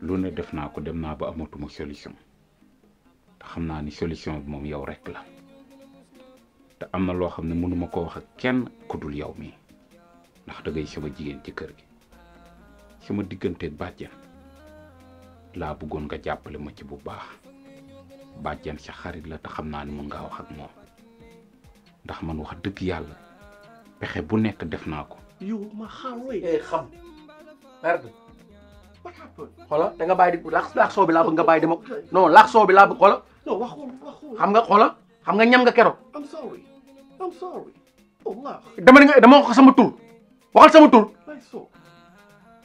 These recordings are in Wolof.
Luna ne def na ko dem na ba amatuma solution te ni solution bi moom yow rek la te amna lo xamne xam ne ko wax ak kenn ku dul yow mi ndax da ngay sama jigen ci kër gi sama ak badjan la bëggon nga jappalé ma ci bu baax badjan sa xarit la te xamna ni mu nga wax ak mom ndax man wax dëgg yalla pexe bu nekk def naa ko. yow ma xaaroo yi. Eh, xam merde. xoolal da nga bàyyi di laax laax bi laa bëgg nga bàyyi di ma non laax soo bi laa bëgg xoolal. non xam nga xoolal xam nga ñam nga keroog. I'm sorry I'm sorry. Oh, dama ne dama wax sama tur waxal sama tur.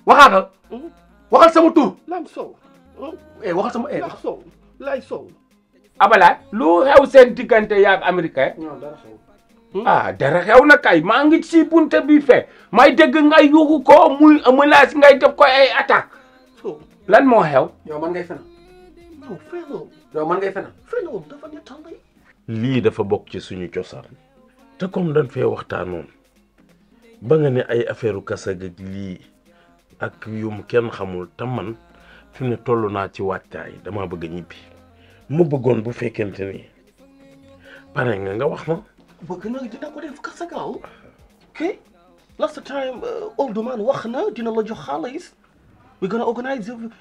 waxaatal. Hmm? waxal sama tur. laam soow. Hmm? Eh, waxal sama. laam eh. soow laay soow. abalaay. lu xew seen diggante yaak américain. non Hmm? ah dara xew na kay maa ngi si bunt bi fe may dégg ngay yuuxu ko muy menace ngay def ko ay attaque lan moo xew. dafa lii dafa bokk ci suñu cosaan. te comme dañ fee waxtaanoon ba nga ne ay affaire kasag ak lii ak yum kenn xamul te man fi ne toll naa ci waajtaay dama bëgg ñibbi mu bëggoon bu fekkente ni pare nga nga wax ma. we're gonna do that with Fukasago. Okay? Last time, uh, old man Wachna, do you know what your hall is? We're gonna organize the,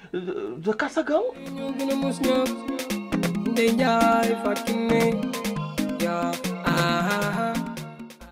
the, the